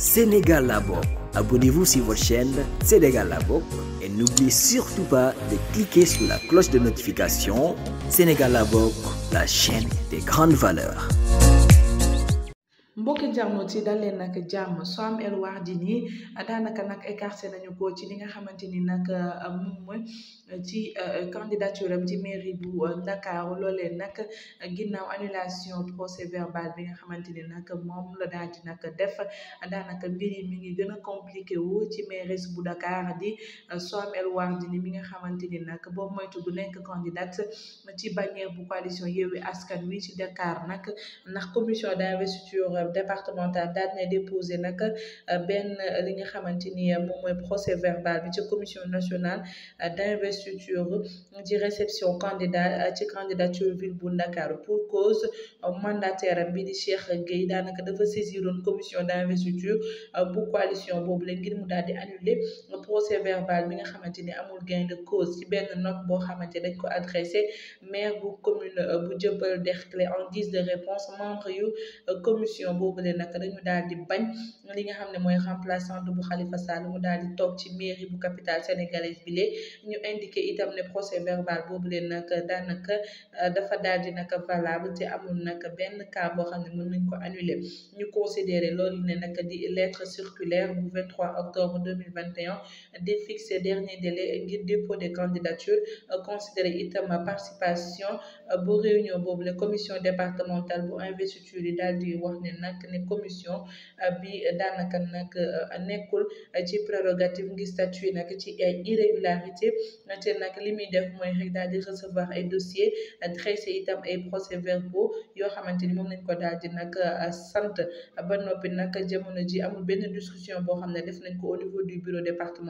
Sénégal la abonnez-vous sur votre chaîne Sénégal la et n'oubliez surtout pas de cliquer sur la cloche de notification Sénégal Labok, la chaîne des grandes valeurs mbokki internautes yi dalee nag jàmm Soham El Wardini daanaka nag écarté nañu ko ci li nga xamante ni nag moom mooy ci euh, candidature am ci mairie bu Ndakaaru euh, loolee nag ginnaaw annulation procès verbal bi nga xamante ni nag moom la daal di nag def daanaka mbir yi mi ngi gën a compliqué wu ci mairie bu Dakar di euh, Soham El Wardini mi nga xamante ni nag boobu moytu du nekk candidate ci bannière bu coalition Yewwi Askan Wi ci Dakar nag ndax commission d'investiture Euh, départemental date déposé nak que euh, euh, li nga xamante mom moy procès verbal bi ci commission nationale d'investiture di réception candidat ci candidature ville bu pour cause mandataire bi di Cheikh Gueye danaka dafa une commission d'investiture pour bu coalition bobu la ngir mu daldi annuler procès verbal bi nga xamante ni amul gain de cause ci benn note boo xamante dañ ko adressé maire bu commune euh, bu jëbal Derklé en guise de réponse membre yu euh, commission boobule nag dañu daal di bañ li nga xam ne mooy remplaçant bu Khalifa Sall mu daal di toog ci mairie bu capitale sénégalaise bi lee ñu indiqué itam ne procès verbal boobule nag daanaka euh, dafa daal di nag valable te amul nag benn cas boo xam ne mën nañ ko annuler ñu considéré loolu ne nag di lettre circulaire bu 23 octobre 2021 défixe ces dernier délai ngir dépôt des candidatures euh, considéré itam participation euh, bu réunion pour la commission départementale pour investiture yi daal di wax ne nag ne commission euh, bi daanaka nag nekkul ci prérogative ngir statuer nag ci irrégularité te nag li muy def mooy di recevoir un dossiers tracer itam et procès verbaux yoo xamante ni moom lañ ko daal di nag sant ba noppi nag jamono ji amul discussion boo xam def ko au niveau du bureau départemental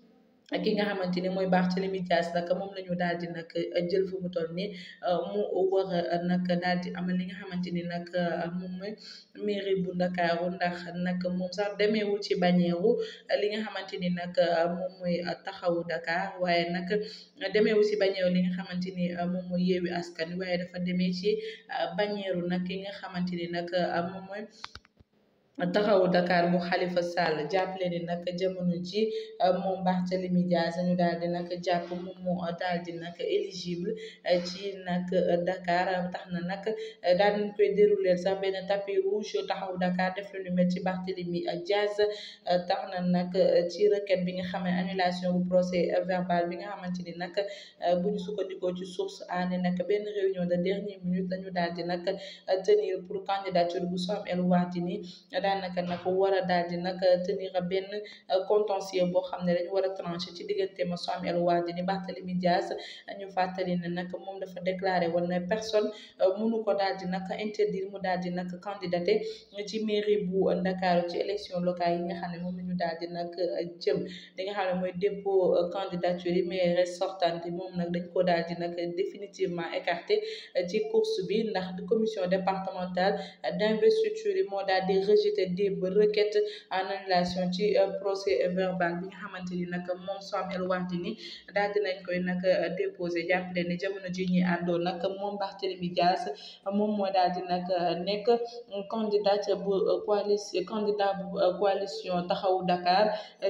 ki nga xamante ni mooy Barthélémy Dias nag moom la ñu daal di nag euh, jël fu mu toll ni euh, mu war a euh, nag daal di amal li nga xamante ni nag moom mooy mairie bu ndax nag moom sax demeewul ci bañeewu li nga xamante ni nag taxawu Dakar waaye nag demeewu ci bañeewu li nga xamante ni moom mooy yeewi askan waaye dafa demee ci bañeeru nag ki nga xamante ni nag moom mooy taxawu Dakar bu xalifa Sall jàppale ni nag jamono ji euh, moom Barthélémy Dias ñu daal di nag jàpp moom moo daal di nag éligible euh, ci nag euh, Dakar tax na nag daal di koy dérouler sax benn tapis rouge taxawu Dakar def lu ñu mel ci Barthélémy jaas tax na nag ci requête bi nga xam ne annulation bu procès verbal bi nga xamante ni nag bu ñu sukkandikoo ci source aane nag benn réunion de dernière minute la daal di nag tenir pour candidature bu Soham El Wardini. daanaka nag war a daal di nag tenir benn contentieux boo xam ne dañu war a tranché ci diggante ma Soham El ni Barthélémy Dias ñu fàttali ne nag moom dafa déclaré woon ne personne euh, mënu ko daal di nag interdire mu daal di nag candidaté ci mairie bu Dakar ci élection locale yi nga xam ne moom la ñu daal di nag euh, jëm li nga xam ne mooy dépôt euh, candidature yi mais sortante moom nag dañ ko daal di nag définitivement écarté ci course bi ndax commission départementale d'investiture yi moo daal di rejeté suscité démb requête en annulation ci euh, procès verbal bi nga xamante ni nag moom Samuel Wardini daal dinañ koy nag euh, déposé jàppale ne jamono ji ñuy àndoon nag Barthélémy Dias mom mo daal di nag euh, nekk candidat bu coalition candidat bu coalition taxawu Dakar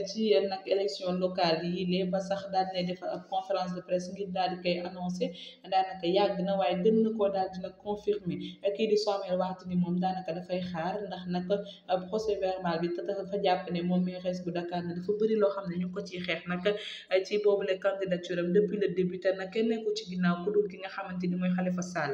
ci nak élection locale yi né ba sax daal né def conférence de presse ngir daal di koy annoncé daanaka yàgg na waaye gën na koo daal dina confirmé kii di Samuel Wardini moom daanaka dafay xaar ndax nak Euh, procès verbal bi te dafa jàpp ne moom mi mairesse bu Dakar ne dafa bëri loo xam ne ñu ngi ko ciy xeex nag euh, ci boobule candidature am depuis le début na nag kenn nekku ci ginnaaw ku dul ki nga xamante ni mooy Khalifa Sall